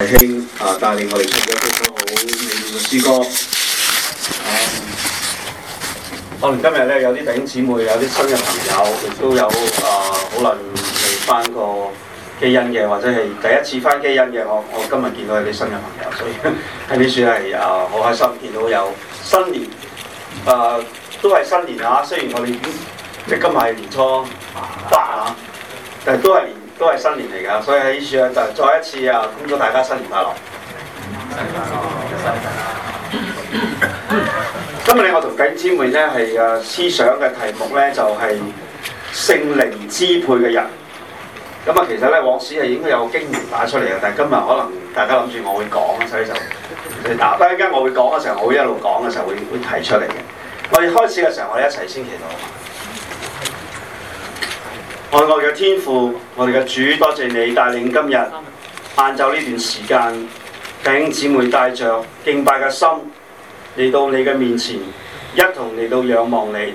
大兄啊，帶領我哋出咗咁好美妙嘅詩歌啊！我哋今日咧有啲弟兄姊妹，有啲新嘅朋友，亦都有啊，可能嚟翻個基恩嘅，或者係第一次翻基恩嘅。我我今日見到有啲新嘅朋友，所以呢算係啊，好開心見到有新年啊，都係新年啊！雖然我哋即係今日係年初八，啊，但係都係年。都係新年嚟㗎，所以喺呢處啊，就再一次啊，恭祝大家新年快樂！新年快樂，新年快樂，今日咧，我同弟兄姊妹咧係啊思想嘅題目咧就係聖靈支配嘅人。咁啊，其實咧往時係應該有經文打出嚟嘅，但係今日可能大家諗住我會講，所以就不打不一陣間我會講嘅時候，我會一路講嘅時候會會提出嚟嘅。我哋開始嘅時候，我哋一齊先祈禱。愛我愛嘅天父，我哋嘅主，多謝你帶領今日晏晝呢段時間，弟兄姊妹帶着敬拜嘅心嚟到你嘅面前，一同嚟到仰望你，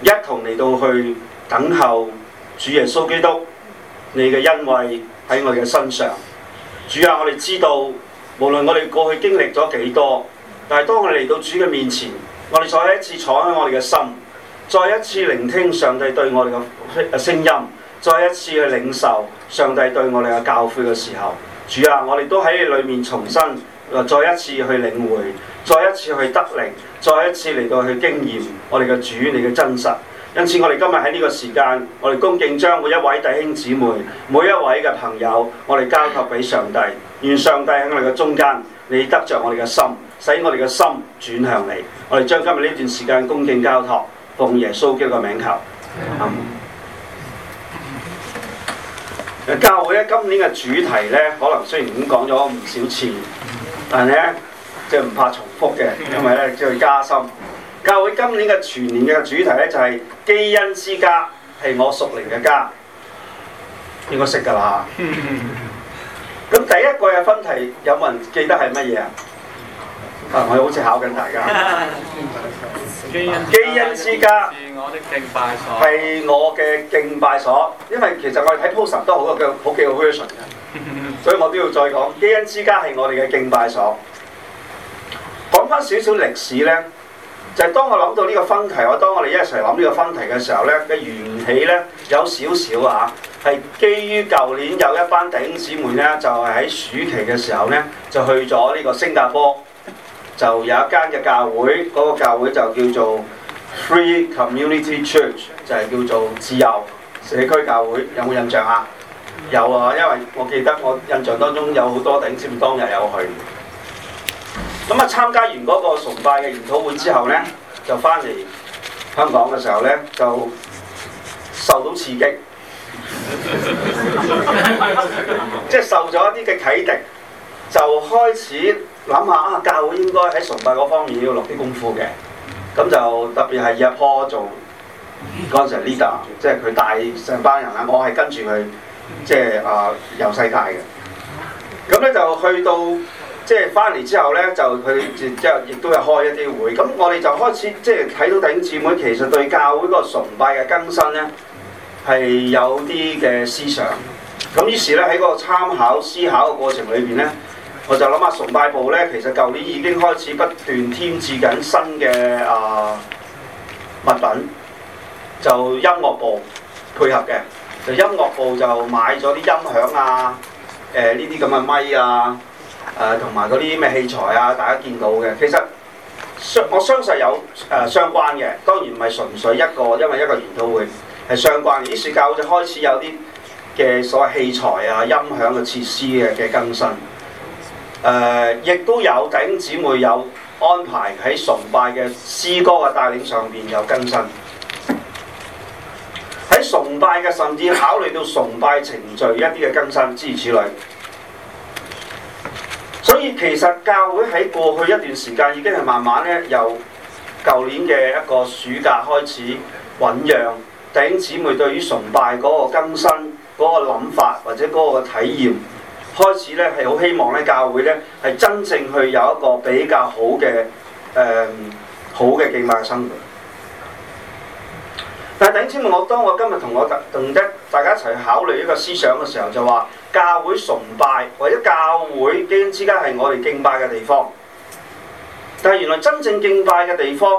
一同嚟到去等候主耶穌基督，你嘅恩惠喺我哋嘅身上。主啊，我哋知道，無論我哋過去經歷咗幾多少，但係當我哋嚟到主嘅面前，我哋再一次坐喺我哋嘅心。再一次聆聽上帝對我哋嘅聲音，再一次去領受上帝對我哋嘅教訓嘅時候，主啊，我哋都喺裏面重新再一次去領會，再一次去得靈，再一次嚟到去經驗我哋嘅主你嘅真實。因此我哋今日喺呢個時間，我哋恭敬將每一位弟兄姊妹、每一位嘅朋友，我哋交託俾上帝，願上帝喺我哋嘅中間，你得着我哋嘅心，使我哋嘅心轉向你。我哋將今日呢段時間恭敬交託。奉耶穌嘅個名求。嗯。教會咧今年嘅主題咧，可能雖然已經講咗唔少次，但係咧即係唔怕重複嘅，因為咧即係加深。教會今年嘅全年嘅主題咧就係、是、基恩之家係我屬靈嘅家，應該識㗎啦。咁 第一季嘅分題有冇人記得係乜嘢啊？啊！我好似考緊大家，基恩之家係我嘅敬拜所，因為其實我哋睇 post 都好多，好幾個 version 嘅，所以我都要再講。基恩之家係我哋嘅敬拜所。講翻少少歷史咧，就係、當我諗到呢個分題，我當我哋一齊諗呢個分題嘅時候咧嘅緣起咧，有少少啊，係基於舊年有一班弟兄姊妹咧，就係、係、喺暑期嘅時候咧，就去咗呢個新加坡。就有一間嘅教會，嗰個教會就叫做 Free Community Church，就係叫做自由社區教會，有冇印象啊？有啊，因為我記得我印象當中有好多頂尖當日有去。咁啊，參加完嗰個崇拜嘅研討會之後咧，就翻嚟香港嘅時候咧，就受到刺激，即 係受咗一啲嘅啟迪，就開始。諗下啊，教會應該喺崇拜嗰方面要落啲功夫嘅，咁就特別係阿破做嗰陣時 leader，即係佢帶成班人啊，我係跟住佢，即係啊由細帶嘅。咁、呃、咧就去到即係翻嚟之後咧，就佢即係亦都係開一啲會，咁我哋就開始即係睇到弟兄姊妹其實對教會嗰個崇拜嘅更新咧係有啲嘅思想，咁於是咧喺個參考思考嘅過程裏邊咧。我就諗下崇拜部咧，其實舊年已經開始不斷添置緊新嘅啊、呃、物品，就音樂部配合嘅，就音樂部就買咗啲音響啊，誒呢啲咁嘅咪啊，誒同埋嗰啲咩器材啊，大家見到嘅，其實相我相信有誒、呃、相關嘅，當然唔係純粹一個，因為一個研討會係相關嘅，於是，教會就開始有啲嘅所謂器材啊、音響嘅設施嘅嘅更新。誒，亦、呃、都有弟兄姊妹有安排喺崇拜嘅詩歌嘅帶領上邊有更新，喺崇拜嘅甚至考慮到崇拜程序一啲嘅更新之如此類。所以其實教會喺過去一段時間已經係慢慢咧，由舊年嘅一個暑假開始醞釀弟兄姊妹對於崇拜嗰個更新嗰、嗰個諗法或者嗰個體驗，開始咧係好希望咧，教會咧係真正去有一個比較好嘅誒、呃、好嘅敬拜嘅生活。但係弟兄我當我今日同我同一大家一齊考慮一個思想嘅時候，就話教會崇拜，或者教會基恩之家係我哋敬拜嘅地方。但係原來真正敬拜嘅地方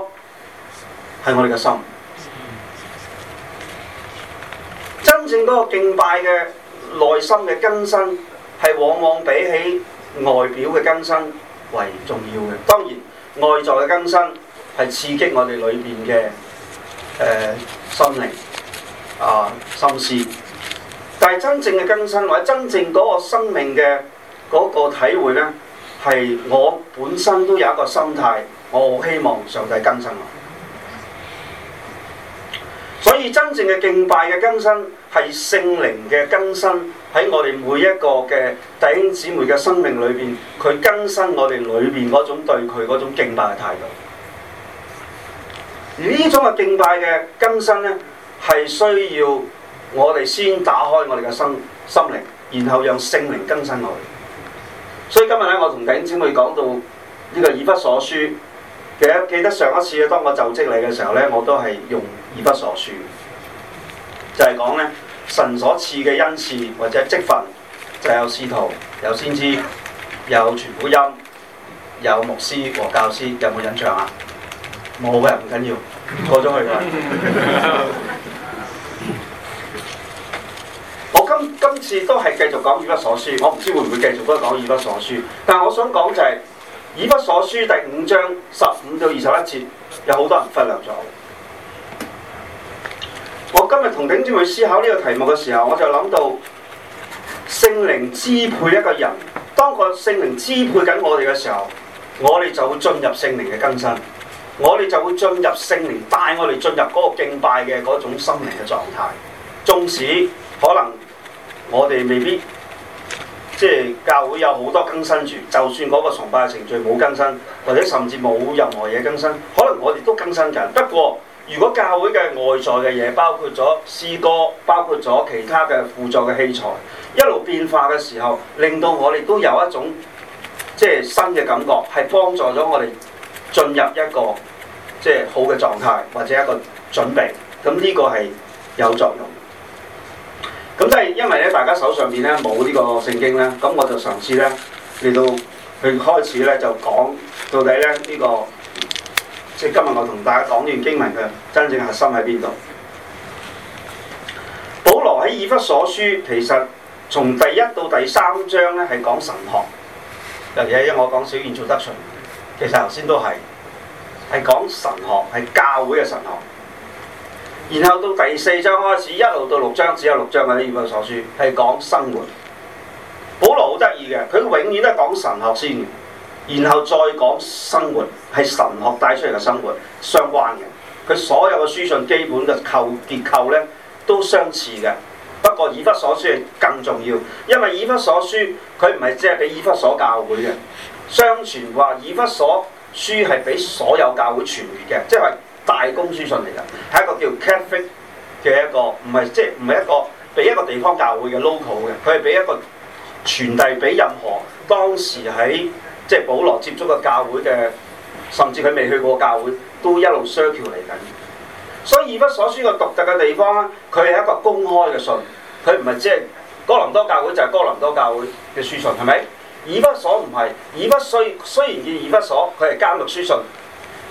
係我哋嘅心，真正嗰個敬拜嘅內心嘅更新。係往往比起外表嘅更新為重要嘅。當然外在嘅更新係刺激我哋裏邊嘅誒心靈啊心思，但係真正嘅更新或者真正嗰個生命嘅嗰個體會咧，係我本身都有一個心態，我好希望上帝更新我。所以真正嘅敬拜嘅更新係聖靈嘅更新。喺我哋每一個嘅弟兄姊妹嘅生命裏邊，佢更新我哋裏邊嗰種對佢嗰種敬拜嘅態度。而呢種嘅敬拜嘅更新呢，係需要我哋先打開我哋嘅心心靈，然後讓聖靈更新我哋。所以今日呢，我同弟兄姊妹講到呢、這個以弗所書，記得記得上一次當我就職禮嘅時候呢，我都係用以弗所書，就係、是、講呢。神所賜嘅恩賜，或者積分，就有使徒，有先知，有傳福音，有牧師和教師，有冇印象啊？冇嘅，唔緊要，過咗去㗎。 我今今次都係繼續講以弗所書，我唔知會唔會繼續都係講以弗所書。但係我想講就係以弗所書第五章十五到二十一節，有好多人忽略咗。我今日同頂住去思考呢個題目嘅時候，我就諗到聖靈支配一個人，當個聖靈支配緊我哋嘅時候，我哋就會進入聖靈嘅更新，我哋就會進入聖靈帶我哋進入嗰個敬拜嘅嗰種心靈嘅狀態。縱使可能我哋未必即係、就是、教會有好多更新住，就算嗰個崇拜嘅程序冇更新，或者甚至冇任何嘢更新，可能我哋都更新緊。不過如果教會嘅外在嘅嘢，包括咗詩歌，包括咗其他嘅輔助嘅器材，一路變化嘅時候，令到我哋都有一種即係新嘅感覺，係幫助咗我哋進入一個即係好嘅狀態，或者一個準備。咁、這、呢個係有作用。咁即係因為咧，大家手上邊咧冇呢個聖經咧，咁我就嘗試咧嚟到去開始咧就講到底咧、這、呢個。即係今日我同大家講呢段經文嘅真正核心喺邊度？保羅喺以弗所書，其實從第一到第三章咧係講神學，尤其係因為我講小燕做得順，其實頭先都係係講神學，係教會嘅神學。然後到第四章開始，一路到六章，只有六章嘅以弗所書係講生活。保羅好得意嘅，佢永遠都係講神學先。然後再講生活係神學帶出嚟嘅生活相關嘅，佢所有嘅書信基本嘅構結構呢都相似嘅。不過以弗所書係更重要，因為以弗所書佢唔係只係俾以弗所教會嘅，相傳話以弗所書係俾所有教會傳閱嘅，即係大公書信嚟嘅。係一個叫 Catholic 嘅一個，唔係即係唔係一個俾一個地方教會嘅 local 嘅，佢係俾一個傳遞俾任何當時喺。即係保羅接觸個教會嘅，甚至佢未去過教會，都一路 search 嚟緊。所以以弗所書嘅獨特嘅地方咧，佢係一個公開嘅信，佢唔係即係哥林多教會就係、是、哥林多教會嘅書信，係咪？以弗所唔係，以弗雖雖然叫以弗所，佢係監獄書信，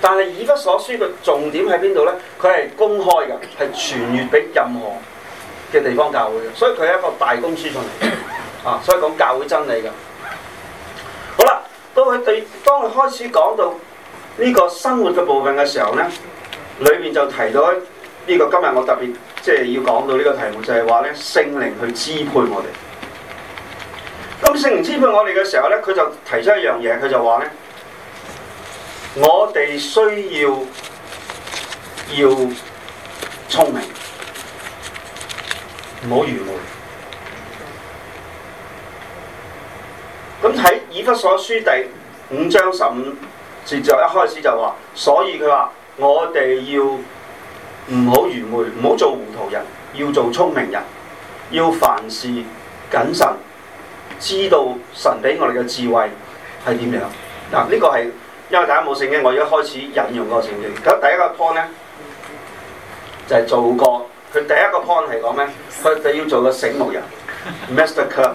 但係以弗所書嘅重點喺邊度咧？佢係公開嘅，係傳閱俾任何嘅地方教會嘅，所以佢係一個大公書信嚟嘅啊！所以講教會真理㗎。當佢對，當佢開始講到呢個生活嘅部分嘅時候咧，裏面就提到呢個今日我特別即係要講到呢個題目，就係話咧聖靈去支配我哋。咁聖靈支配我哋嘅時候咧，佢就提出一樣嘢，佢就話咧，我哋需要要聰明，唔好愚昧。咁喺以弗所書第。五章十五節就一開始就話，所以佢話我哋要唔好愚昧，唔好做糊塗人，要做聰明人，要凡事謹慎，知道神俾我哋嘅智慧係點樣。嗱、啊，呢、這個係因為大家冇聖經，我一開始引用嗰個聖經。咁第一個 point 咧就係、是、做過佢第一個 point 係講咩？佢哋要做個醒目人 ，Mr. Cover。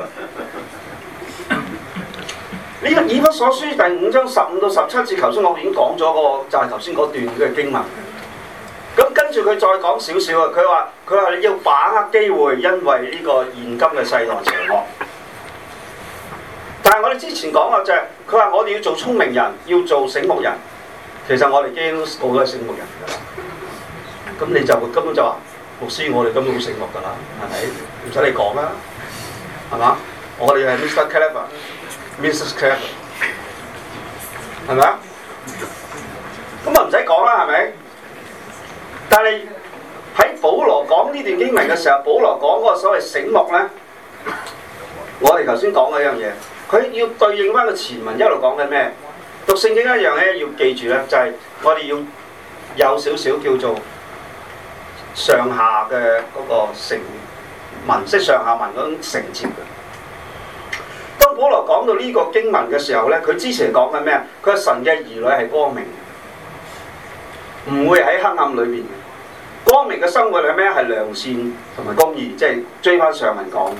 呢個《以弗所書》第五章十五到十七節，頭先我已經講咗、那個，就係頭先嗰段嘅經文。咁跟住佢再講少少啊，佢話佢話要把握機會，因為呢個現今嘅世代情況。但係我哋之前講嘅就係、是，佢話我哋要做聰明人，要做醒目人。其實我哋已經告咗都醒目人啦。咁你就根本就話牧師，我哋根本好醒目噶啦，係咪？唔使你講啦，係嘛？我哋係 Mr. Clever。Mrs. Cap，係咪啊？咁啊唔使講啦，係咪？但係喺保羅講呢段經文嘅時候，保羅講嗰個所謂醒目咧，我哋頭先講嗰一樣嘢，佢要對應返個前文一路講緊咩？讀聖經一樣咧，要記住咧，就係、是、我哋要有少少叫做上下嘅嗰個成文式、就是、上下文嗰種承接嘅。保羅講到呢個經文嘅時候咧，佢之前講緊咩啊？佢話神嘅兒女係光明，唔會喺黑暗裏邊。光明嘅生活係咩啊？係良善同埋公義，即係追翻上文講。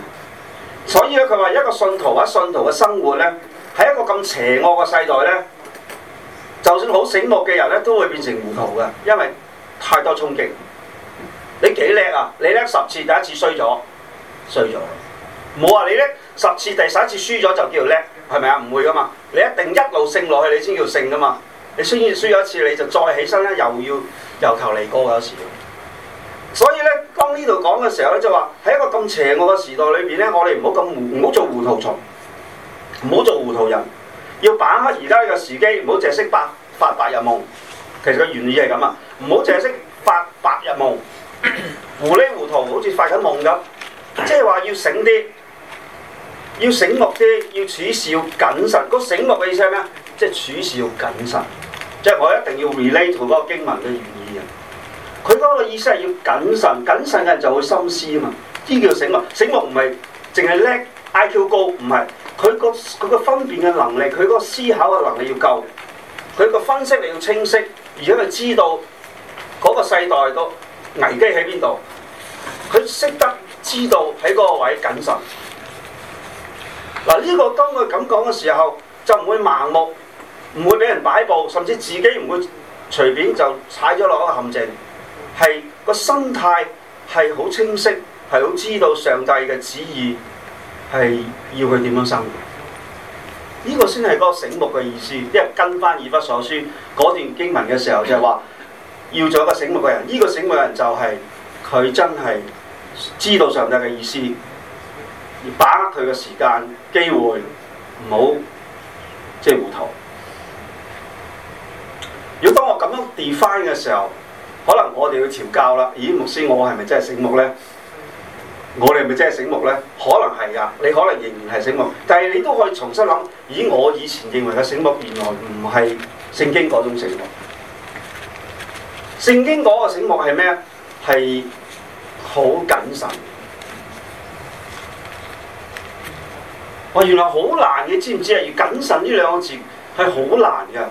所以咧，佢話一個信徒，喺信徒嘅生活咧，喺一個咁邪惡嘅世代咧，就算好醒目嘅人咧，都會變成糊塗嘅，因為太多衝擊。你幾叻啊？你叻十次，第一次衰咗，衰咗。冇好話你叻。十次第十一次輸咗就叫叻，係咪啊？唔會噶嘛，你一定一路勝落去，你先叫勝噶嘛。你先至輸咗一次，你就再起身咧，又要由頭嚟過，有時，所以咧，當呢度講嘅時候咧，就話喺一個咁邪惡嘅時代裏邊咧，我哋唔好咁糊，唔好做糊塗蟲，唔好做糊塗人，要把握而家呢個時機，唔好淨係識發發白日夢。其實個原意係咁啊，唔好淨係識發白日夢，糊裏糊塗好似發緊夢咁，即係話要醒啲。要醒目啲，要處事要謹慎。個醒目嘅意思係咩？即係處事要謹慎，即係我一定要 relate 到嗰個經文嘅寓意啊！佢嗰個意思係要謹慎，謹慎嘅人就會心思啊嘛！呢叫醒目。醒目唔係淨係叻，IQ 高，唔係。佢個佢個分辨嘅能力，佢嗰個思考嘅能力要夠，佢個分析力要清晰，而且佢知道嗰個世代個危機喺邊度，佢識得知道喺嗰個位謹慎。嗱，呢個當佢咁講嘅時候，就唔會盲目，唔會俾人擺布，甚至自己唔會隨便就踩咗落個陷阱。係個心態係好清晰，係好知道上帝嘅旨意係要佢點樣生活。呢個先係個醒目嘅意思，因為跟翻以弗所書嗰段經文嘅時候就係話，要做一個醒目嘅人。呢個醒目人就係佢真係知道上帝嘅意思，而把握佢嘅時間。機會唔好即係、就是、糊塗。如果當我咁樣 define 嘅時候，可能我哋要調教啦。咦，牧師，我係咪真係醒目呢？我哋係咪真係醒目呢？可能係啊，你可能仍然係醒目，但係你都可以重新諗。咦，我以前認為嘅醒目，原來唔係聖經嗰種醒目。聖經嗰個醒目係咩？係好謹慎。哇！原來好難嘅，你知唔知啊？要謹慎呢兩個字係好難嘅。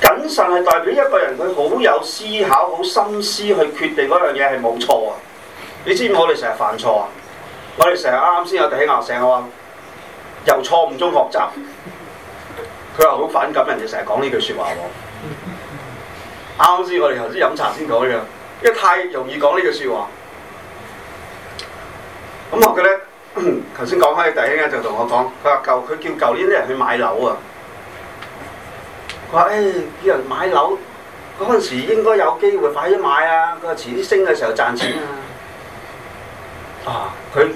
謹慎係代表一個人佢好有思考、好心思去決定嗰樣嘢係冇錯啊！你知唔知我哋成日犯錯啊？我哋成日啱先有提起話成話由錯誤中學習，佢話好反感人哋成日講呢句説話喎。啱先我哋頭先飲茶先講呢樣，因為太容易講呢句説話。咁我佢咧，頭先講開第一間就同我講，佢話舊，佢叫舊年啲人去買樓啊。佢話誒，叫、哎、人買樓嗰陣時應該有機會快啲買啊。佢話遲啲升嘅時候賺錢啊。啊，佢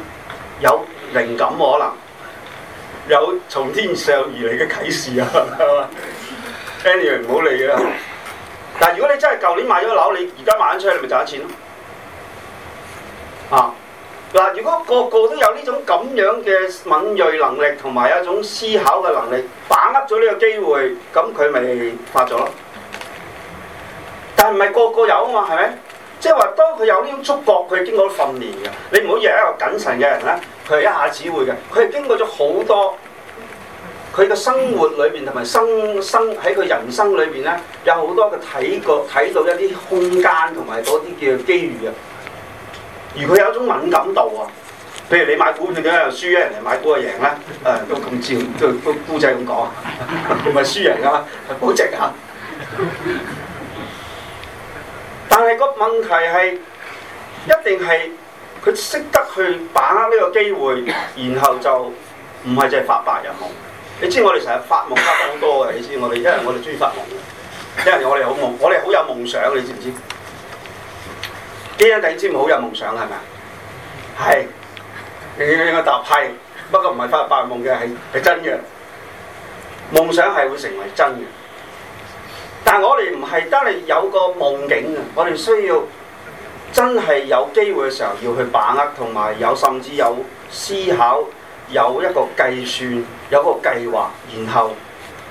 有靈感可能，有從天上而嚟嘅啟示啊，係嘛？Anyway, 唔好理佢啦。但係如果你真係舊年買咗樓，你而家賣咗出去，你咪賺錢咯，啊。啊！嗱，如果個個都有呢種咁樣嘅敏鋭能力同埋一種思考嘅能力，把握咗呢個機會，咁佢咪發咗囉。但係唔係個個有啊嘛？係咪？即係話，當佢有呢種觸覺，佢經過訓練嘅，你唔好以為一個謹慎嘅人咧，佢係一下子會嘅，佢係經過咗好多，佢嘅生活裏邊同埋生生喺佢人生裏邊咧，有好多佢睇過睇到一啲空間同埋嗰啲叫機遇嘅。如果佢有一種敏感度啊，譬如你買股票點解又輸咧？人哋買股又贏咧？誒、嗯、都咁照都都姑仔咁講，唔係輸贏噶、啊，係保值啊！但係個問題係一定係佢識得去把握呢個機會，然後就唔係淨係發白日夢。你知我哋成日發夢發好多嘅，你知我哋，因為我哋中意發夢，因為我哋好夢，我哋好有夢想，你知唔知？啲兄弟姊妹好有夢想，係咪啊？係，你應該答係，不過唔係發白夢嘅，係係真嘅。夢想係會成為真嘅，但我哋唔係得你有個夢境啊！我哋需要真係有機會嘅時候要去把握，同埋有甚至有思考，有一個計算，有個計劃，然後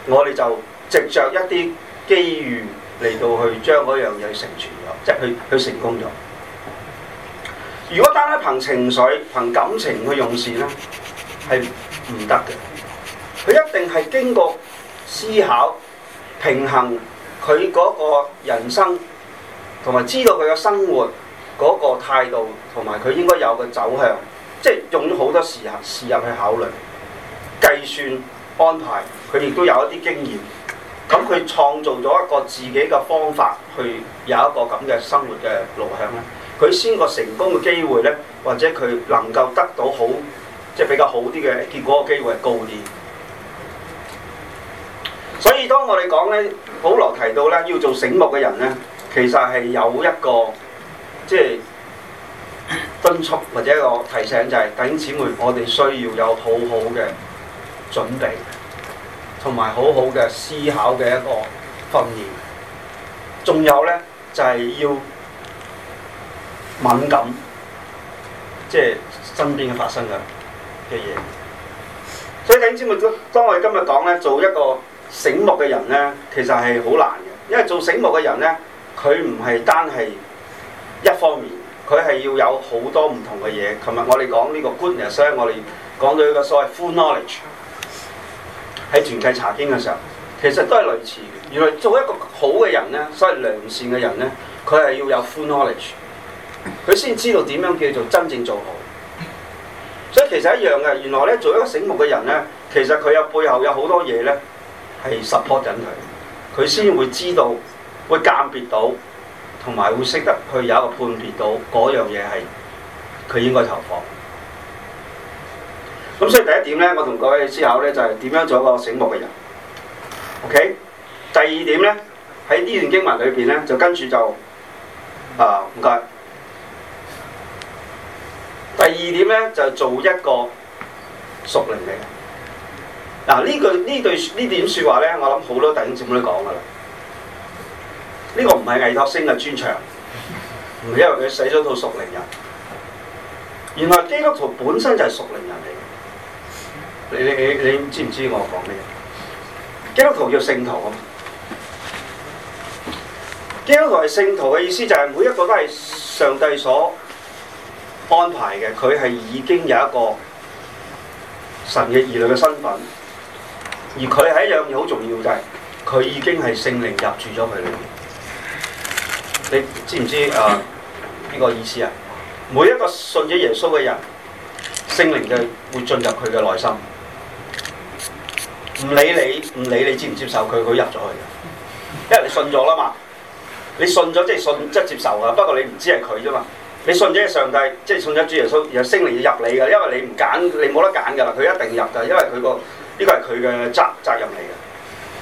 我哋就藉着一啲機遇嚟到去將嗰樣嘢成全咗，即係去去成功咗。如果單單憑情緒、憑感情去用事咧，係唔得嘅。佢一定係經過思考、平衡佢嗰個人生，同埋知道佢嘅生活嗰個態度，同埋佢應該有嘅走向，即係用咗好多時候時日去考慮、計算、安排。佢亦都有一啲經驗，咁佢創造咗一個自己嘅方法，去有一個咁嘅生活嘅路向咧。佢先個成功嘅機會咧，或者佢能夠得到好即係比較好啲嘅結果嘅機會係高啲。所以當我哋講咧，保羅提到咧要做醒目嘅人咧，其實係有一個即係敦促或者一個提醒，就是，就係弟兄姊妹，我哋需要有好好嘅準備，同埋好好嘅思考嘅一個訓練。仲有咧就係、是、要。敏感，即係身邊嘅發生嘅嘅嘢。所以點知我當我哋今日講咧，做一個醒目嘅人咧，其實係好難嘅。因為做醒目嘅人咧，佢唔係單係一方面，佢係要有好多唔同嘅嘢。琴日我哋講呢個 goodness，所以我哋講到呢個所謂 full knowledge。喺《全契查經》嘅時候，其實都係類似嘅。原來做一個好嘅人咧，所謂良善嘅人咧，佢係要有 full knowledge。佢先知道點樣叫做真正做好，所以其實一樣嘅。原來咧，做一個醒目嘅人咧，其實佢有背後有好多嘢咧，係 support 緊佢，佢先會知道，會鑒別到，同埋會識得去有一個判別到嗰樣嘢係佢應該投放。咁所以第一點咧，我同各位思考咧就係、是、點樣做一個醒目嘅人。OK，第二點咧喺呢段經文裏邊咧就跟住就啊唔該。謝謝第二點咧就是、做一個屬靈嘅，嗱呢句呢對呢點說話咧，我諗好多弟兄姊妹都講噶啦。呢、這個唔係艾托星嘅專長，唔係因為佢寫咗套屬靈人。原來基督徒本身就係屬靈人嚟嘅，你你你你知唔知我講咩？基督徒叫聖徒，基督徒係聖徒嘅意思就係每一個都係上帝所。安排嘅，佢係已經有一個神嘅兒女嘅身份，而佢係一樣嘢好重要，就係佢已經係聖靈入住咗佢裏面。你知唔知啊？呢個意思啊？每一個信咗耶穌嘅人，聖靈就會進入佢嘅內心，唔理你唔理你接唔接受，佢佢入咗去嘅，因為你信咗啦嘛，你信咗即係信即係接受啊，不過你唔知係佢啫嘛。你信咗上帝，即係信咗主耶穌，然後聖靈要入你嘅，因為你唔揀，你冇得揀噶啦，佢一定入噶，因為佢個呢個係佢嘅責責任嚟嘅。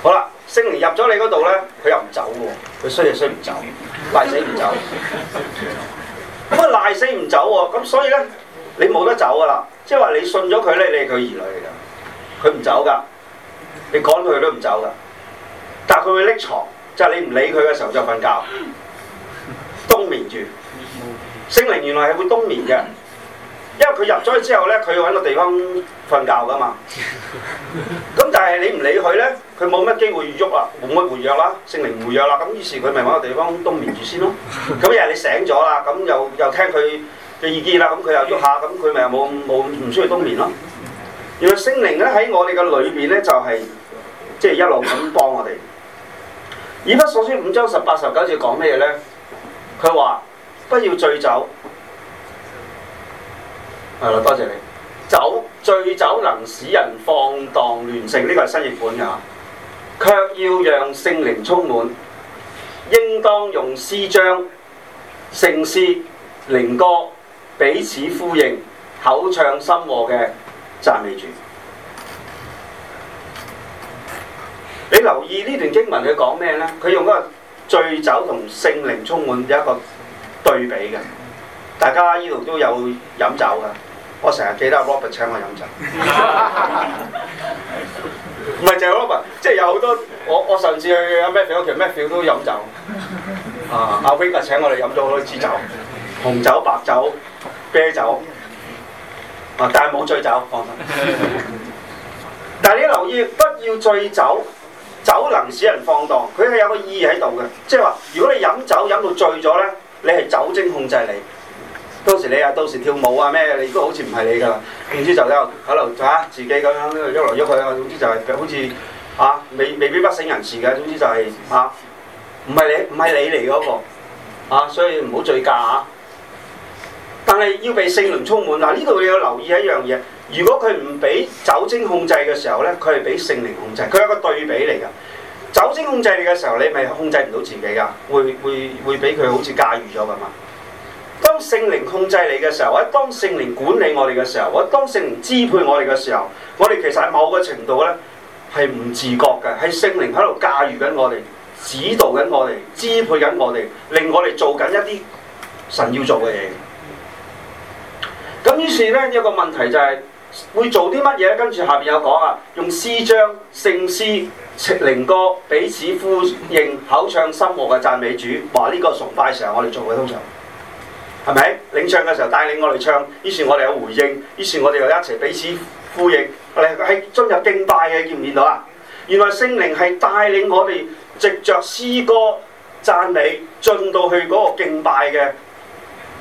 好啦，聖靈入咗你嗰度咧，佢又唔走喎，佢衰就衰唔走，賴死唔走。咁啊賴死唔走喎，咁所以咧你冇得走噶啦，即係話你信咗佢咧，你係佢兒女嚟嘅，佢唔走噶，你趕佢都唔走噶。但係佢會匿藏，即係你唔理佢嘅時候就瞓覺，冬眠住。聖靈原來係會冬眠嘅，因為佢入咗去之後咧，佢揾個地方瞓覺噶嘛。咁 但係你唔理佢咧，佢冇乜機會喐啦，冇乜活躍啦，聖靈唔活躍啦，咁於是佢咪揾個地方冬眠住先咯。咁有日你醒咗啦，咁又又聽佢嘅意見啦，咁佢又喐下，咁佢咪又冇冇唔需要冬眠咯。原來聖靈咧喺我哋嘅裏邊咧就係即係一路咁幫我哋。以弗所書五章十八十九節講咩嘢咧？佢話。不要醉酒，係啦、啊，多謝你。酒醉酒能使人放蕩亂性，呢、這個係新譯本噶，卻要讓聖靈充滿，應當用詩章、聖詩、靈歌彼此呼應，口唱心和嘅讚美主。你留意呢段經文佢講咩呢？佢用嗰個醉酒同聖靈充滿有一個對比嘅，大家呢度都有飲酒噶。我成日記得 Robert 請我飲酒，唔係淨係 Robert，即係有好多我我上次去阿 Matthew 其實 Matthew 都飲酒，啊阿 Wing 啊請我哋飲咗好多支酒，紅酒、白酒、啤酒，啊但係冇醉酒，放心，但係你留意不要醉酒，酒能使人放蕩，佢係有個意義喺度嘅，即係話如果你飲酒飲到醉咗咧。你係酒精控制嚟，到時你啊到時跳舞啊咩，你都好似唔係你噶啦，總之就喺度喺度嚇自己咁樣喐嚟喐去啊，總之就係、是、好似嚇、啊、未未必不省人事嘅，總之就係嚇唔係你唔係你嚟、那、嗰個啊，所以唔好醉駕嚇。但係要被聖靈充滿嗱，呢、啊、度你要留意一樣嘢，如果佢唔俾酒精控制嘅時候咧，佢係俾聖靈控制，佢係一個對比嚟㗎。酒精控制你嘅時候，你咪控制唔到自己噶，會會會俾佢好似駕馭咗噶嘛。當聖靈控制你嘅時候，或者當聖靈管理我哋嘅時候，或者當聖靈支配我哋嘅時候，我哋其實喺某個程度咧係唔自覺嘅，係聖靈喺度駕馭緊我哋，指導緊我哋，支配緊我哋，令我哋做緊一啲神要做嘅嘢。咁於是咧，有個問題就係、是。會做啲乜嘢？跟住下面有講啊，用詩章、聖詩、靈歌彼此呼應，口唱心和嘅讚美主。話呢、呢個崇拜嘅時候，我哋做嘅通常係咪領唱嘅時候帶領我哋唱，於是我哋有回應，於是我哋又一齊彼此呼應，我哋係進入敬拜嘅。見唔見到啊？原來聖靈係帶領我哋藉着詩歌讚美進到去嗰個敬拜嘅。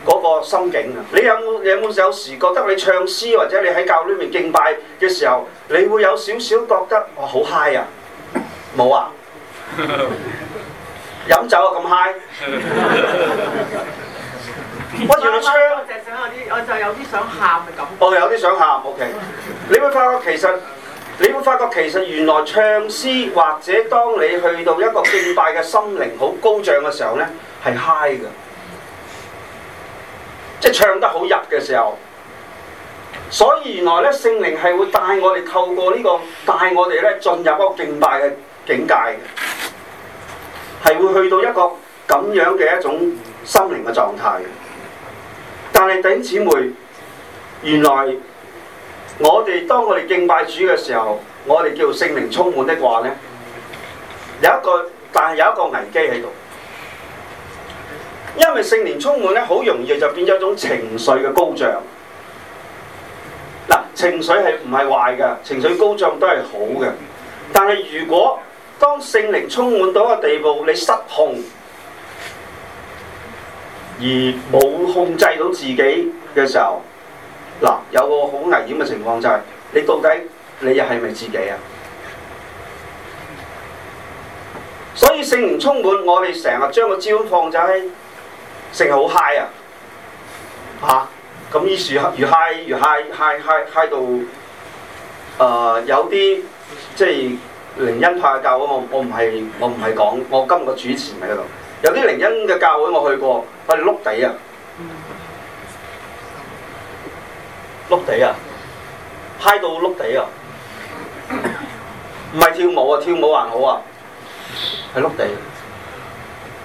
嗰個心境啊！你有冇有冇有，有，有時覺得你唱詩或者你喺教裏面敬拜嘅時候，你會有少少覺得哇好 high 啊！冇啊！飲 酒啊咁 high？我原來唱我就有啲，我就有啲想喊嘅感。我、 哦、有啲想喊，OK？你會發覺其實，你會發覺其實原來唱詩或者當你去到一個敬拜嘅心靈好高漲嘅時候咧，係 high 嘅。即係唱得好入嘅時候，所以原來咧聖靈係會帶我哋透過呢個帶我哋咧進入一個敬拜嘅境界，係會去到一個咁樣嘅一種心靈嘅狀態嘅。但係弟兄姊妹，原來我哋當我哋敬拜主嘅時候，我哋叫做聖靈充滿的話咧，有一個但係有一個危機喺度。因為聖靈充滿咧，好容易就變咗一種情緒嘅高漲。嗱、呃，情緒係唔係壞嘅？情緒高漲都係好嘅。但係如果當聖靈充滿到一個地步，你失控而冇控制到自己嘅時候，嗱、呃，有個好危險嘅情況就係、是，你到底你又係咪自己啊？所以聖靈充滿，我哋成日將個招放喺～成日好嗨 i 啊，嚇、啊！咁於是越嗨，越嗨，嗨 g h 到，誒、呃、有啲即係靈恩派教啊！我我唔係我唔係講我今日個主持喺度，有啲靈恩嘅教會我去過，我哋碌地啊，碌地啊嗨到碌地啊，唔係、啊啊啊、跳舞啊，跳舞還好啊，係碌地、啊。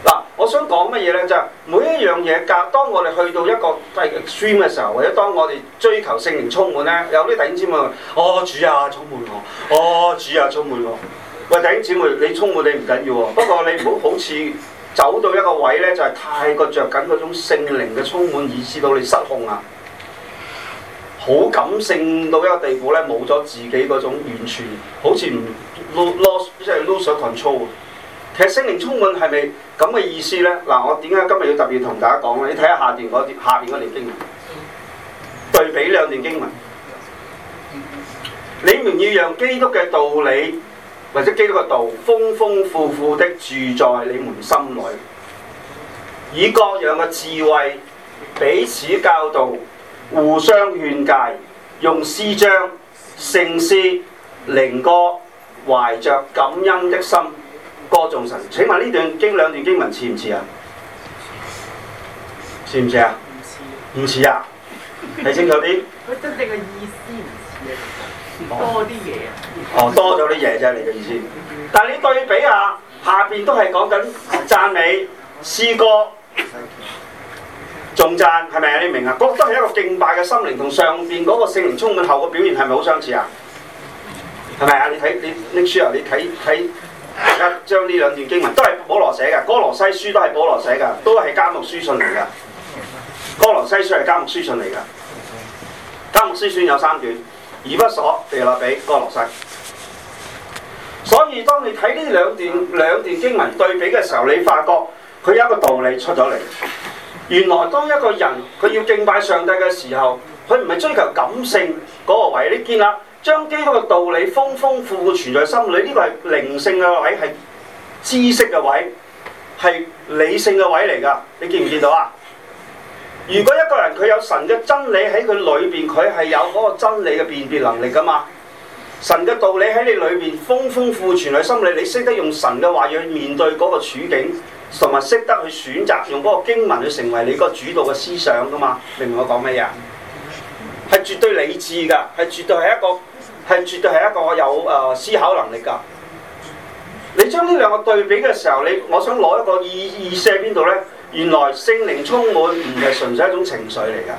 嗱，我想講乜嘢咧？就係、是、每一樣嘢，格當我哋去到一個係 extreme 嘅時候，或者當我哋追求聖靈充滿咧，有啲弟兄姊妹，哦，主啊充滿我，我、哦、主啊充滿我。喂，弟兄姊妹，你充滿你唔緊要喎，不過你唔好好似走到一個位咧，就係太過着緊嗰種聖靈嘅充滿，以致到你失控啊，好感性到一個地步咧，冇咗自己嗰種完全，好似唔 lose，即係 lose control。其實聖靈充滿係咪咁嘅意思咧？嗱，我點解今日要特別同大家講咧？你睇下下段嗰段下邊嗰段經文，對比兩段經文。你們要讓基督嘅道理或者基督嘅道豐豐富富的住在你們心裡，以各樣嘅智慧彼此教導，互相勸戒，用詩章、聖詩、靈歌，懷著感恩的心。歌頌神，請問呢段經兩段經文似唔似啊？似唔似啊？唔似啊？睇清楚啲。佢真正嘅意思唔似啊，多啲嘢啊。哦，多咗啲嘢啫，你嘅意思。 但係你對比下，下邊都係講緊讚美詩歌，仲讚係咪？你明啊？覺得係一個敬拜嘅心靈，同上邊嗰個聖靈充滿後嘅表現係咪好相似啊？係咪啊？你睇你拎書啊？你睇睇。大家將呢兩段經文都係保羅寫嘅，《哥羅西書》都係保羅寫嘅，都係監獄書信嚟噶，《哥羅西書》係監獄書信嚟噶。監獄書信有三段：以弗所、腓立比、哥羅西。所以當你睇呢兩段兩段經文對比嘅時候，你發覺佢有一個道理出咗嚟。原來當一個人佢要敬拜上帝嘅時候，佢唔係追求感性嗰個位，你見啦。將基督嘅道理豐豐富富存在心裏，呢個係靈性嘅位，係知識嘅位，係理性嘅位嚟噶。你見唔見到啊？如果一個人佢有神嘅真理喺佢裏邊，佢係有嗰個真理嘅辨別能力噶嘛？神嘅道理喺你裏邊豐豐富富存在心理，你識得用神嘅話要去面對嗰個處境，同埋識得去選擇用嗰個經文去成為你嗰個主導嘅思想噶嘛？明唔明我講乜嘢？係絕對理智噶，係絕對係一個。係絕對係一個有誒思考能力㗎。你將呢兩個對比嘅時候，你我想攞一個意意思喺邊度呢？原來聖靈充滿唔係純粹一種情緒嚟㗎。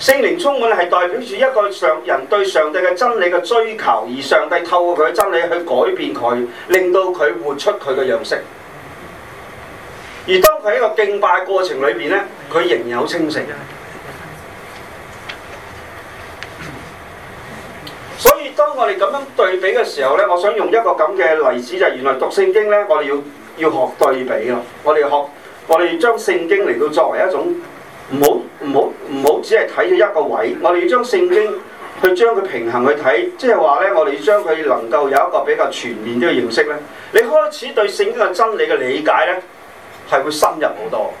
聖靈充滿係代表住一個上人對上帝嘅真理嘅追求，而上帝透過佢嘅真理去改變佢，令到佢活出佢嘅樣式。而當佢喺一個敬拜過程裏邊呢，佢仍然好清醒。當我哋咁樣對比嘅時候呢，我想用一個咁嘅例子，就係原來讀聖經呢，我哋要要學對比咯。我哋學，我哋要將聖經嚟到作為一種唔好唔好唔好只係睇咗一個位，我哋要將聖經去將佢平衡去睇，即係話呢，我哋要將佢能夠有一個比較全面啲嘅認識。呢，你開始對聖經嘅真理嘅理解呢，係會深入好多。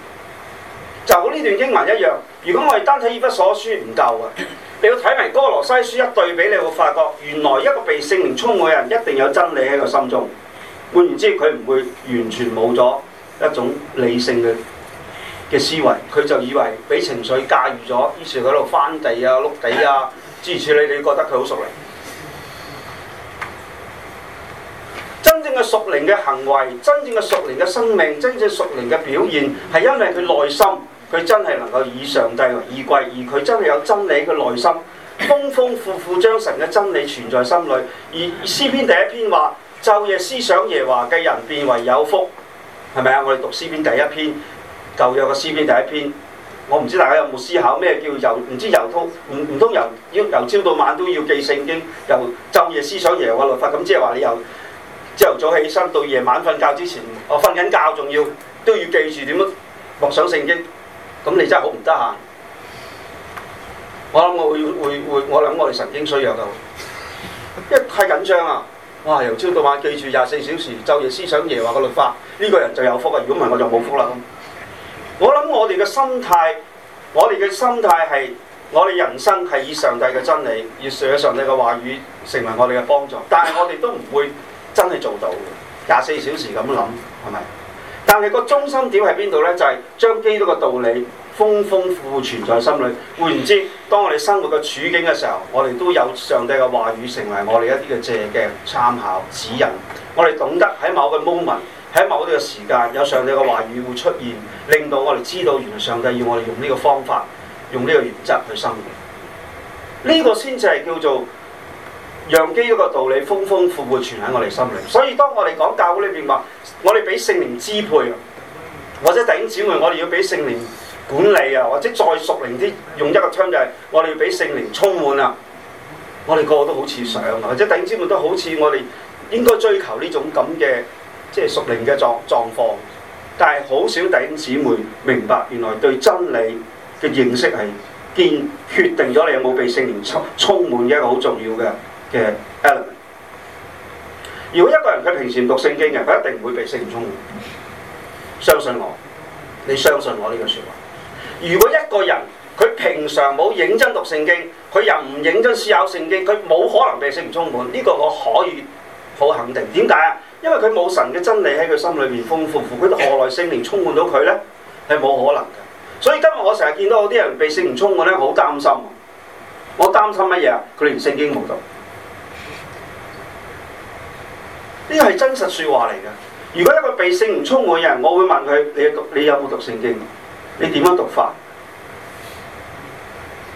就係呢段經文一樣，如果我哋單睇以弗所書唔夠啊。你要睇埋《哥羅西書》一對比，你會發覺原來一個被聖靈充滿嘅人一定有真理喺佢心中。換言之，佢唔會完全冇咗一種理性嘅思維，佢就以為俾情緒駕馭咗，於是佢喺度翻地啊、碌地啊，諸如此類，你哋覺得佢好屬靈。真正嘅屬靈嘅行為，真正嘅屬靈嘅生命，真正屬靈嘅表現，係因為佢內心。佢真係能夠以上帝為依歸，而佢真係有真理嘅內心，豐豐富富將神嘅真理存在心裡。而詩篇第一篇話，晝夜思想耶華嘅人，便為有福。係咪啊？我哋讀詩篇第一篇，舊約嘅詩篇第一篇，我唔知大家有冇思考咩叫由唔知由通唔唔通由由，由，由朝到晚都要記聖經，由晝夜思想耶和華律法。咁即係話你由朝頭早起身到夜晚瞓覺之前，我瞓緊覺仲要都要記住點樣默想聖經。咁你真係好唔得閒，我諗我會會會，我諗我哋神經衰弱到，因為太緊張啊！哇，由朝到晚記住廿四小時，晝夜思想耶華嘅律法，呢個人就有福啊！如果唔係我就冇福啦。我諗我哋嘅心態，我哋嘅心態係我哋人生係以上帝嘅真理，以説上帝嘅話語成為我哋嘅幫助，但係我哋都唔會真係做到廿四小時咁諗，係咪？但係個中心點係邊度呢？就係、是、將基督嘅道理豐豐富富存在心裡，換言之，當我哋生活嘅處境嘅時候，我哋都有上帝嘅話語成為我哋一啲嘅借鏡、參考、指引。我哋懂得喺某個 moment 喺某啲嘅時間有上帝嘅話語會出現，令到我哋知道原來上帝要我哋用呢個方法，用呢個原則去生活。呢、這個先至係叫做。讓基督嘅道理豐豐富富存喺我哋心裏，所以當我哋講教會裏邊話，我哋俾聖靈支配啊，或者弟兄姊妹，我哋要俾聖靈管理啊，或者再屬靈啲，用一個槍就係我哋要俾聖靈充滿啦。我哋個個都好似想，或者弟兄姊妹都好似我哋應該追求呢種咁嘅即係屬靈嘅狀狀況，但係好少弟兄姊妹明白原來對真理嘅認識係建決定咗你有冇被聖靈充充滿嘅一個好重要嘅。嘅 element，如果一個人佢平時唔讀聖經嘅，佢一定唔會被聖靈充滿。相信我，你相信我呢個説話。如果一個人佢平常冇認真讀聖經，佢又唔認真思考聖經，佢冇可能被聖靈充滿。呢個我可以好肯定。點解啊？因為佢冇神嘅真理喺佢心裏面豐富，佢何來聖靈充滿到佢呢？係冇可能嘅。所以今日我成日見到有啲人被聖靈充滿呢，好擔心。我擔心乜嘢啊？佢連聖經冇讀。呢個係真實説話嚟嘅。如果一個被聖靈充滿嘅人，我會問佢：你你有冇讀聖經？你點樣讀法？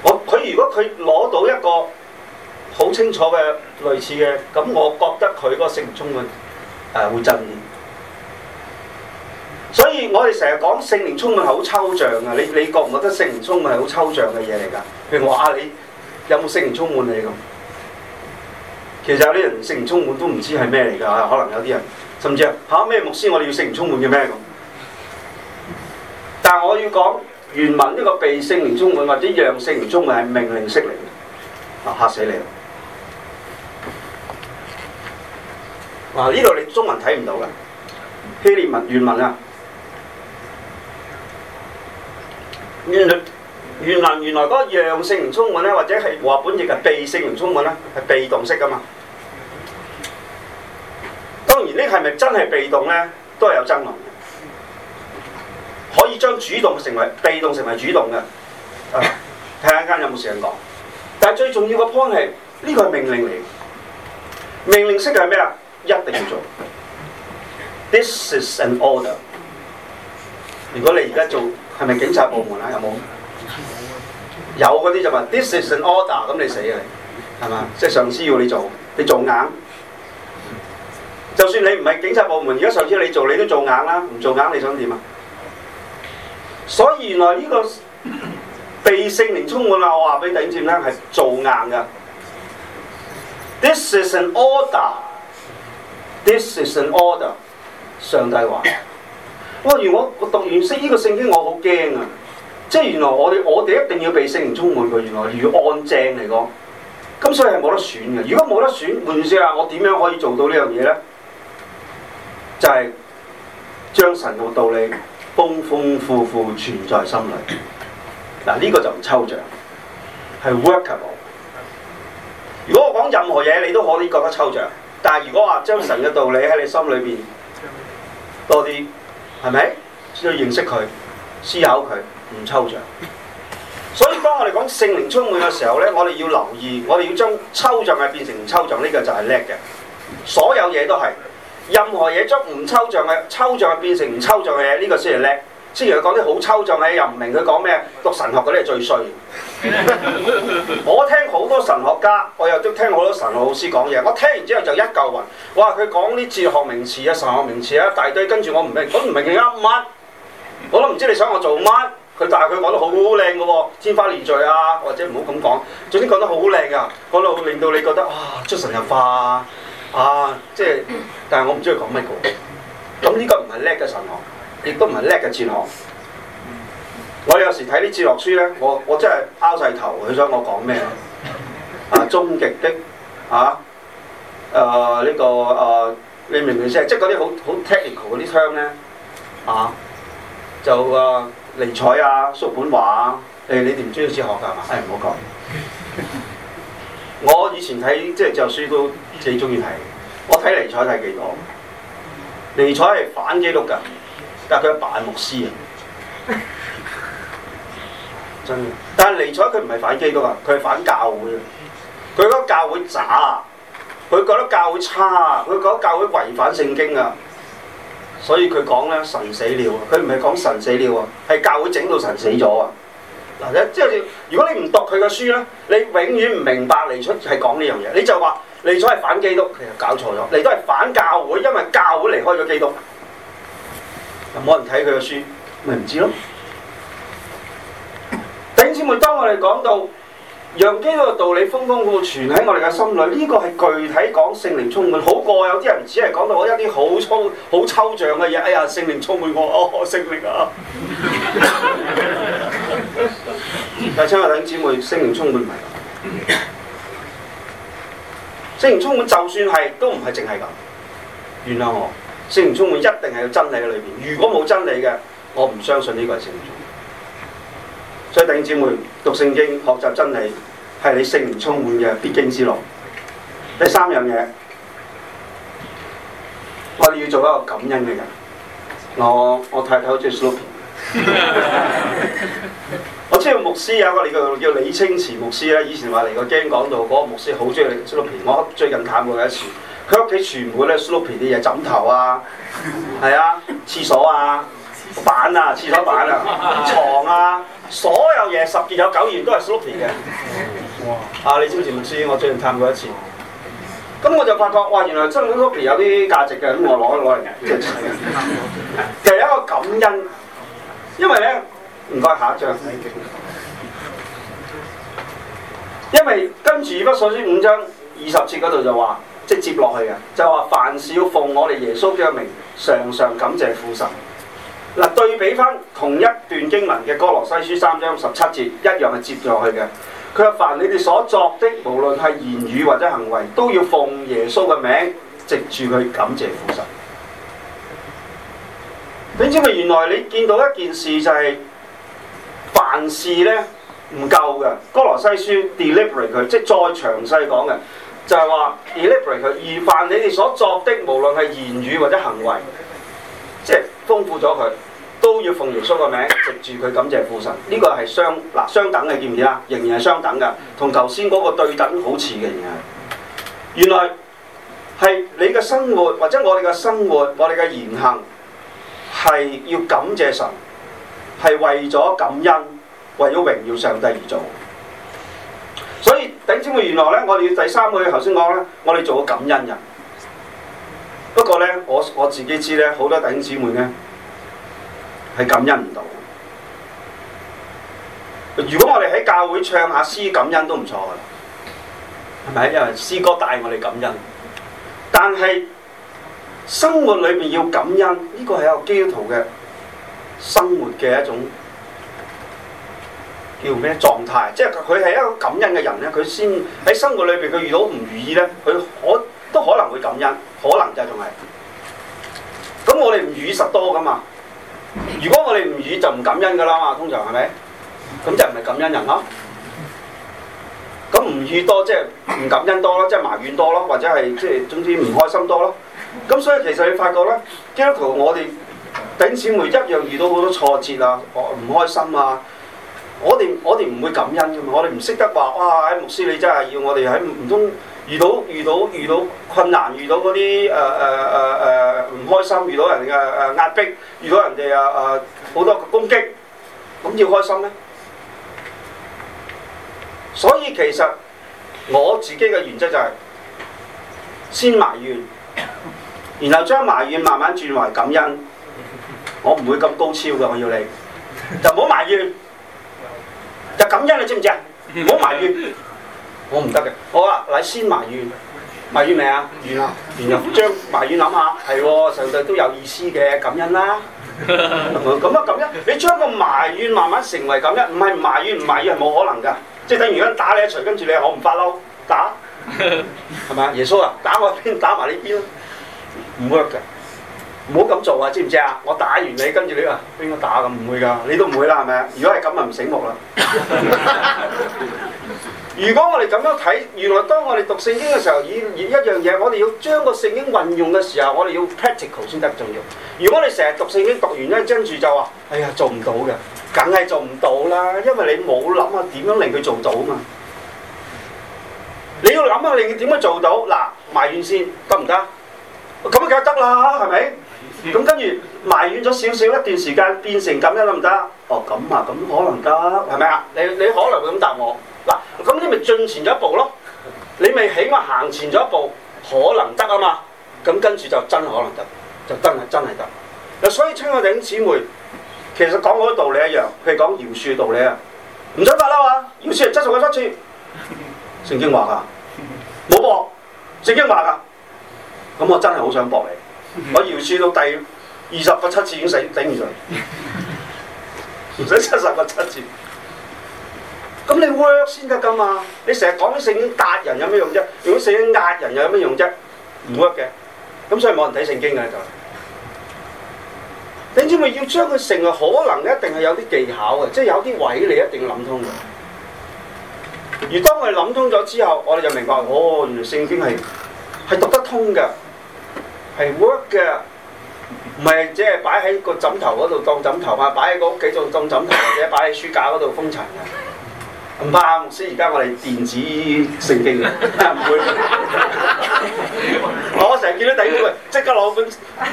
我佢如果佢攞到一個好清楚嘅類似嘅，咁我覺得佢嗰個聖靈充滿誒、呃、會真啲。所以我哋成日講聖靈充滿係好抽象，覺覺抽象啊！你你覺唔覺得聖靈充滿係好抽象嘅嘢嚟㗎？譬如我問你：有冇聖靈充滿你咁？其實有啲人性唔充滿都唔知係咩嚟㗎，可能有啲人甚至啊跑咩牧師，我哋要性唔充滿嘅咩咁。但係我要講原文呢個被性唔充滿或者陽性唔充滿係命令式嚟嘅，啊，嚇死你啦！嗱呢度你中文睇唔到嘅希臘文原文啊，原來原文原來嗰個陽性唔充滿咧，或者係話本意係被性唔充滿咧，係被動式㗎嘛。當然，呢係咪真係被動咧？都係有爭論嘅。可以將主動成為被動，成為主動嘅。睇下間有冇時間講。但係最重要嘅 point 係，呢、這個係命令嚟。命令式係咩啊？一定要做。This is an order。如果你而家做係咪警察部門啊？有冇？有嗰啲就話、是、This is an order，咁你死啊！係嘛？即係吧上司要你做，你做硬。就算你唔係警察部門，而家上次你做，你都做硬啦，唔做硬你想點啊？所以原來呢個被聖靈充滿啊，我話俾頂尖咧係做硬噶。This is an order. This is an order. 上帝話，哦、我如果讀完識呢、這個聖經，我好驚啊！即係原來我哋我哋一定要被聖靈充滿噶。原來，如果按正嚟講，咁所以係冇得選嘅。如果冇得選，換句話說啊，我點樣可以做到呢樣嘢咧？就係將神嘅道理豐豐富富存在心裏。嗱，呢個就唔抽象，係 workable。如果我講任何嘢，你都可以覺得抽象。但係如果話將神嘅道理喺你心裏邊多啲，係咪先認識佢、思考佢，唔抽象。所以當我哋講聖靈充滿嘅時候咧，我哋要留意，我哋要將抽象嘅變成唔抽象，呢個就係叻嘅。所有嘢都係。任何嘢將唔抽象嘅抽象變成唔抽象嘅呢，這個先係叻。之前佢講啲好抽象嘅又唔明佢講咩，讀神學嗰啲係最衰。 我聽好多神學家，我又都聽好多神學老師講嘢，我聽完之後就一嚿雲。哇！佢講啲哲學名詞啊、神學名詞啊一大堆，跟住我唔明，我唔明佢噏乜，我都唔知你想我做乜。佢但係佢講得好靚嘅喎，天花亂墜啊，或者唔好咁講，總之講得好靚啊，講到令到你覺得啊，出神入化。啊，即係，但係我唔知佢講乜嘢。咁呢個唔係叻嘅神學，亦都唔係叻嘅哲學。我哋有時睇啲哲學書咧，我我真係拗晒頭，佢想我講咩？啊，終極的啊，誒、啊、呢、呢個誒、啊，你明唔明先？即係嗰啲好好 technical 嗰啲書咧，啊，就誒尼采啊、叔本華啊，你哋唔中意哲學㗎嘛？誒唔好講。我以前睇即係著書都幾中意睇，我睇尼采睇幾多。尼采係反基督㗎，但係佢爸爸係牧師啊，真嘅。但係尼采佢唔係反基督啊，佢係反教會。佢覺得教會渣，佢覺得教會差，佢覺得教會違反聖經啊。所以佢講咧神死了，佢唔係講神死了喎，係教會整到神死咗啊！嗱，即係如果你唔讀佢嘅書咧，你永遠唔明白離出係講呢樣嘢。你就話離出係反基督，其實搞錯咗。離都係反教會，因為教會離開咗基督。咁冇人睇佢嘅書，咪唔知咯。弟兄姊妹，當我哋講到讓基督嘅道理豐豐富富存喺我哋嘅心裡，呢、這個係具體講聖靈充滿，好過有啲人只係講到我一啲好粗、好抽象嘅嘢。哎呀，聖靈充滿我，哦，聖靈啊！ 但係，請我等姊妹聖靈充滿唔係咁，聖靈充滿就算係都唔係淨係咁。原諒我，聖靈充滿一定係有真理嘅裏邊。如果冇真理嘅，我唔相信呢個係聖靈充滿。所以，等姊妹讀聖經、學習真理，係你聖靈充滿嘅必經之路。第三樣嘢，我哋要做一個感恩嘅人。我我太太好似 Sloppy。 呢個牧師有個嚟叫李清池牧師咧，以前話嚟個京港道嗰、嗰個牧師好中意你 Sloppy，我最近探過一次，佢屋企全部咧 Sloppy 啲嘢，枕頭啊，係 啊，廁所啊，板啊，廁所板啊，床啊，所有嘢十件有九件都係 Sloppy 嘅。哇！啊李清池牧師，我最近探過一次，咁我就發覺哇，原來真係 Sloppy 有啲價值嘅，咁我攞攞嚟嘅，其實有一個感恩，因為咧唔該下一張。因為跟住《以弗所書》五章二十節嗰度就話，即接落去嘅，就話凡事要奉我哋耶穌嘅名，常常感謝父神。嗱、啊，對比翻同一段經文嘅《哥羅西書》三章十七節，一樣係接落去嘅。佢話凡你哋所作的，無論係言語或者行為，都要奉耶穌嘅名，藉住佢感謝父神。你知唔知？原來你見到一件事就係、是，凡事咧。唔夠嘅《哥羅西書》deliberate 佢，即係再詳細講嘅，就係話 deliberate 佢，Del it, 而凡你哋所作的，無論係言語或者行為，即係豐富咗佢，都要奉耶穌個名，藉住佢感謝父神。呢個係相嗱相等嘅，見唔見啊？仍然係相等嘅，同頭先嗰個對等好似嘅嘢。原來係你嘅生活或者我哋嘅生活，我哋嘅言行係要感謝神，係為咗感恩。為咗榮耀上帝而做，所以弟兄姊妹原來咧，我哋第三個頭先講咧，我哋做個感恩人。不過咧，我我自己知咧，好多弟兄姊妹咧係感恩唔到。如果我哋喺教會唱下詩感恩都唔錯噶啦，係咪？因為詩歌帶我哋感恩。但係生活裏面要感恩，呢個係一個基督徒嘅生活嘅一種。叫咩狀態？即係佢係一個感恩嘅人咧，佢先喺生活裏邊佢遇到唔如意咧，佢可都可能會感恩，可能就仲係。咁我哋唔如意實多㗎嘛？如果我哋唔如意就唔感恩㗎啦嘛，通常係咪？咁就唔係感恩人咯。咁唔如意多即係唔感恩多咯，即係埋怨多咯，或者係即係總之唔開心多咯。咁所以其實你發覺咧，基督徒我哋頂姊妹一樣遇到好多挫折啊，唔開心啊。我哋我哋唔會感恩嘅嘛，我哋唔識得話哇！喺牧師，你真係要我哋喺唔通遇到遇到遇到困難，遇到嗰啲誒誒誒誒唔開心，遇到人嘅誒壓迫，遇到人哋啊啊好多攻擊，咁要開心咧？所以其實我自己嘅原則就係先埋怨，然後將埋怨慢慢轉為感恩。我唔會咁高超嘅，我要你就唔好埋怨。就感恩你知唔知啊？唔好埋怨，我唔得嘅。好啊，你先埋怨，埋怨未啊？完啦，完啦，將埋怨諗下。係喎，上帝都有意思嘅感恩啦。咁啊感恩，你將個埋怨慢慢成為感恩，唔係埋怨唔埋怨係冇可能㗎。即係等於人打你一錘，跟住你我唔發嬲打，係咪啊？耶穌啊，打我邊打埋呢邊咯，唔 work 㗎。唔好咁做啊！知唔知啊？我打完你，跟住你啊！邊個打咁？唔會噶，你都唔會啦，係咪？如果係咁啊，唔醒目啦。如果我哋咁樣睇，原來當我哋讀聖經嘅時候，要一樣嘢，我哋要將個聖經運用嘅時候，我哋要 practical 先得重要。如果你成日讀聖經讀完咧，跟住就話，哎呀，做唔到嘅，梗係做唔到啦，因為你冇諗下點樣令佢做到啊嘛。你要諗下，令佢點樣做到？嗱，埋怨先得唔得？咁啊，梗係得啦，係咪？咁、嗯、跟住埋怨咗少少一段時間，變成咁樣得唔得？哦，咁啊，咁可能得，係咪啊？你你可能會咁答我嗱，咁、啊、你咪進前咗一步咯，你咪起碼行前咗一步，可能得啊嘛。咁、嗯、跟住就真可能得，就真係真係得。所以親愛嘅姊妹，其實講嗰啲道理一樣，譬如講饒恕道理啊，唔使發嬲哇，饒恕係質素嘅饒恕，聖經話噶，冇搏，聖經話噶。咁我真係好想駁你。我饒恕到第二十個七次已經死頂唔順，唔使七十個七次。咁你 work 先得噶嘛？你成日講聖經壓人有咩用啫？用聖經壓人又有咩用啫？唔 work 嘅，咁所以冇人睇聖經嘅就。你知咪要將佢成為可能，一定係有啲技巧嘅，即係有啲位你一定要諗通嘅。而當我哋諗通咗之後，我哋就明白，哦，原來聖經係係讀得通嘅。係 work 嘅，唔係即係擺喺個枕頭嗰度當枕頭啊，擺喺個屋企做當枕頭，或者擺喺書架嗰度封塵嘅。唔啱、 啊，牧師而家我哋電子聖經啊，唔會。 我成日見到弟兄即刻攞本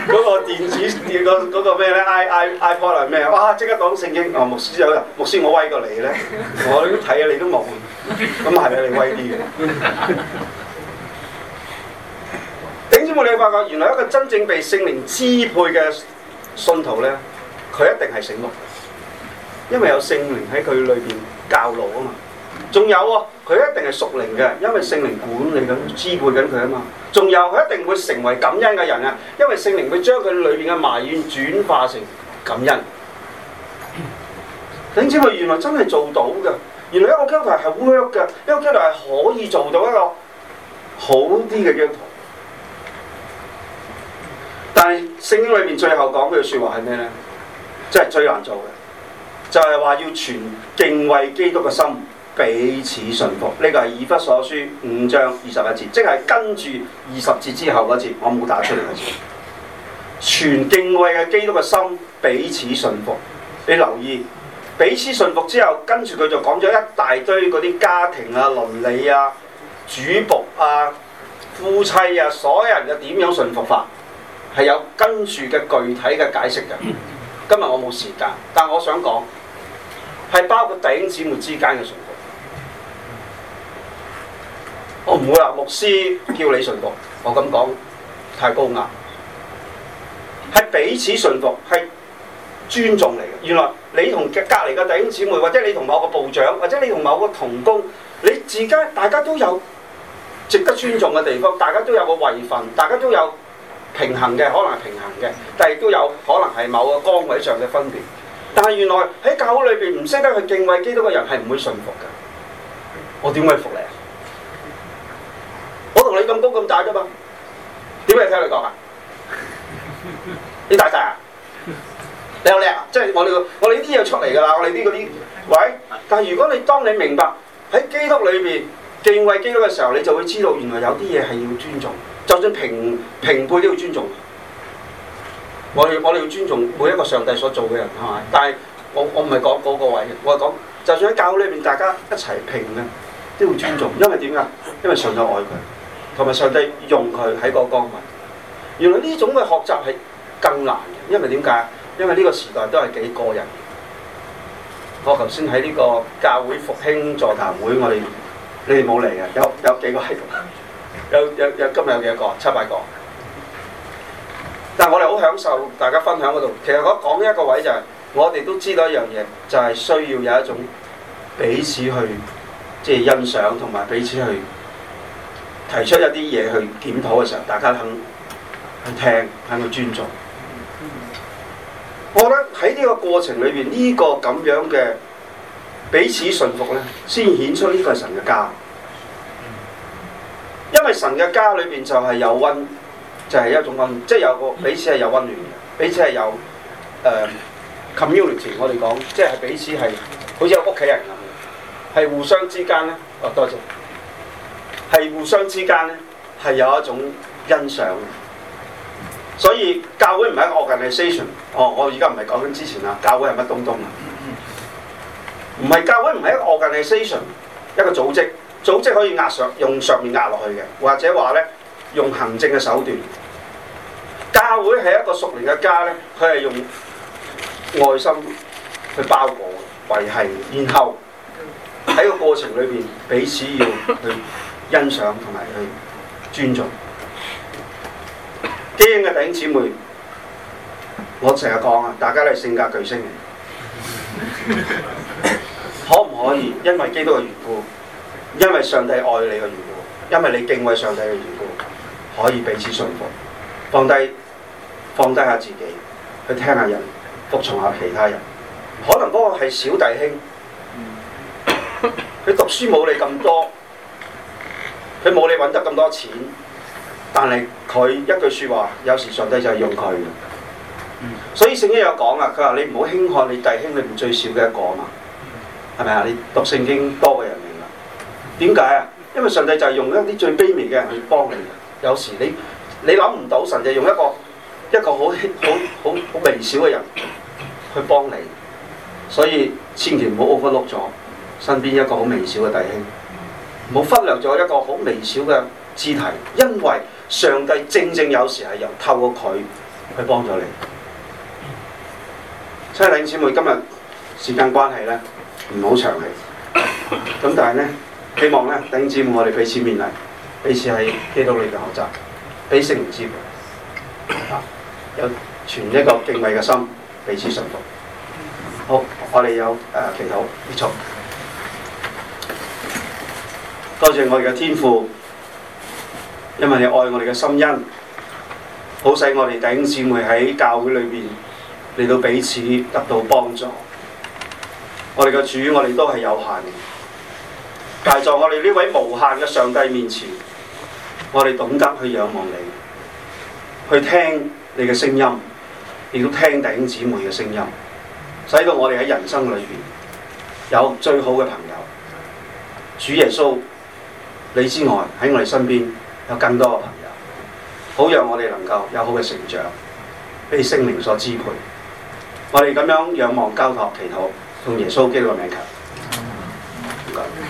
嗰個電子電嗰、嗰個咩咧，i i iPod 啊咩啊，哇、嗯！即刻講聖經。哦、啊，牧師有、啊、牧師、啊、我威過你咧，我都睇啊，你都冇，咁係咪你威啲嘅？ 因為你發覺原來一個真正被聖靈支配嘅信徒咧，佢一定係醒目，因為有聖靈喺佢裏邊教路啊嘛。仲有啊，佢一定係屬靈嘅，因為聖靈管理緊，支配緊佢啊嘛。仲有，佢一定會成為感恩嘅人啊，因為聖靈會將佢裏邊嘅埋怨轉化成感恩。點知佢原來真係做到嘅，原來一個基督徒係 work 嘅，一個基督徒係可以做到一個好啲嘅基但聖經裏面最後講句說話係咩呢？即係最難做嘅，就係、是、話要全敬畏基督嘅心，彼此順服。呢、這個係以弗所書五章二十一節，即係跟住二十節之後嗰節，我冇打出嚟嗰節，全敬畏嘅基督嘅心，彼此順服。你留意，彼此順服之後，跟住佢就講咗一大堆嗰啲家庭啊、倫理啊、主僕啊、夫妻啊，所有人嘅點樣順服法。係有跟住嘅具體嘅解釋嘅。今日我冇時間，但我想講係包括弟兄姊妹之間嘅順服。我唔會話，牧師叫你順服，我咁講太高壓。係彼此順服，係尊重嚟嘅。原來你同隔隔離嘅弟兄姊妹，或者你同某個部長，或者你同某個同工，你自家大家都有值得尊重嘅地方，大家都有個位份，大家都有。平衡嘅可能係平衡嘅，但係亦都有可能係某個崗位上嘅分別。但係原來喺教會裏邊唔識得去敬畏基督嘅人係唔會信服㗎。我點可以服你啊？我同你咁高咁大啫嘛，點解聽你講啊？你大晒啊？你好叻啊，即係我哋我哋呢啲嘢出嚟㗎啦。我哋啲嗰啲，喂！但係如果你當你明白喺基督裏邊敬畏基督嘅時候，你就會知道原來有啲嘢係要尊重。就算平平輩都要尊重，我我哋要尊重每一個上帝所做嘅人，係咪的？但係我我唔係講嗰個位，我係講就算喺教會裏面大家一齊評咧，都要尊重，因為點解？因為上帝愛佢，同埋上帝用佢喺個崗位。原來呢種嘅學習係更難嘅，因為點解？因為呢個時代都係幾個人。我頭先喺呢個教會復興座談會，我哋你哋冇嚟嘅，有有，有幾個係？有又又今日有幾多個？七百個。但係我哋好享受大家分享嗰度。其實我講一個位就係、是，我哋都知道一樣嘢，就係、是、需要有一種彼此去即係欣賞，同埋彼此去提出一啲嘢去檢討嘅時候，大家肯去聽，肯去尊重。我覺得喺呢個過程裏邊，呢、這個咁樣嘅彼此信服咧，先顯出呢個係神嘅家。因為神嘅家裏邊就係有温，就係一種温，即係有個彼此係有温暖嘅，彼此係有誒、uh, community，我哋講，即係彼此係好似屋企人咁，係互相之間咧，哦多謝，係互相之間咧係有一種欣賞，所以教會唔係一個 organization，哦我而家唔係講緊之前啦，教會係乜東東啊？唔係，教會唔係一個 organization，一個組織。組織可以壓上用上面壓落去嘅，或者話咧用行政嘅手段。教會係一個熟練嘅家咧，佢係用愛心去包裹、維繫，然後喺個過程裏邊彼此要去欣賞同埋去尊重。基恩嘅弟兄姊妹，我成日講啊，大家都係性格巨星， 可唔可以因為基督嘅緣故？因為上帝愛你嘅緣故，因為你敬畏上帝嘅緣故，可以彼此信服，放低放低下自己，去聽下人，服從下其他人。可能嗰個係小弟兄，佢讀書冇你咁多，佢冇你搵得咁多錢，但係佢一句說話，有時上帝就係用佢嘅。所以聖經有講啊，佢話你唔好輕看你弟兄裏邊最少嘅一個啊嘛，係咪啊？你讀聖經多嘅人。點解啊？因為上帝就係用一啲最卑微嘅人去幫你。有時你你諗唔到，神就用一個一個好好好好微小嘅人去幫你。所以千祈唔好 overlook 咗身邊一個好微小嘅弟兄，唔好忽略咗一個好微小嘅肢體，因為上帝正正有時係由透過佢去幫咗你。親愛的弟兄姊妹，今日時間關係咧，唔好長氣，咁但係咧。希望咧，弟兄姊妹，我哋彼此勉勵，彼此喺基督裏邊學習，彼此迎接、啊，有全一個敬畏嘅心，彼此信服。好，我哋有、呃、祈禱結束。多謝我哋嘅天父，因為你愛我哋嘅心恩，好使我哋弟兄姊妹喺教會裏面，嚟到彼此得到幫助。我哋嘅主，我哋都係有限嘅。在我哋呢位無限嘅上帝面前，我哋懂得去仰望你，去聽你嘅聲音，亦都聽弟兄姊妹嘅聲音，使到我哋喺人生裏邊有最好嘅朋友，主耶穌你之外喺我哋身邊有更多嘅朋友，好讓我哋能夠有好嘅成長，俾聖靈所支配。我哋咁樣仰望交託祈禱，用耶穌基督嘅名求。謝謝。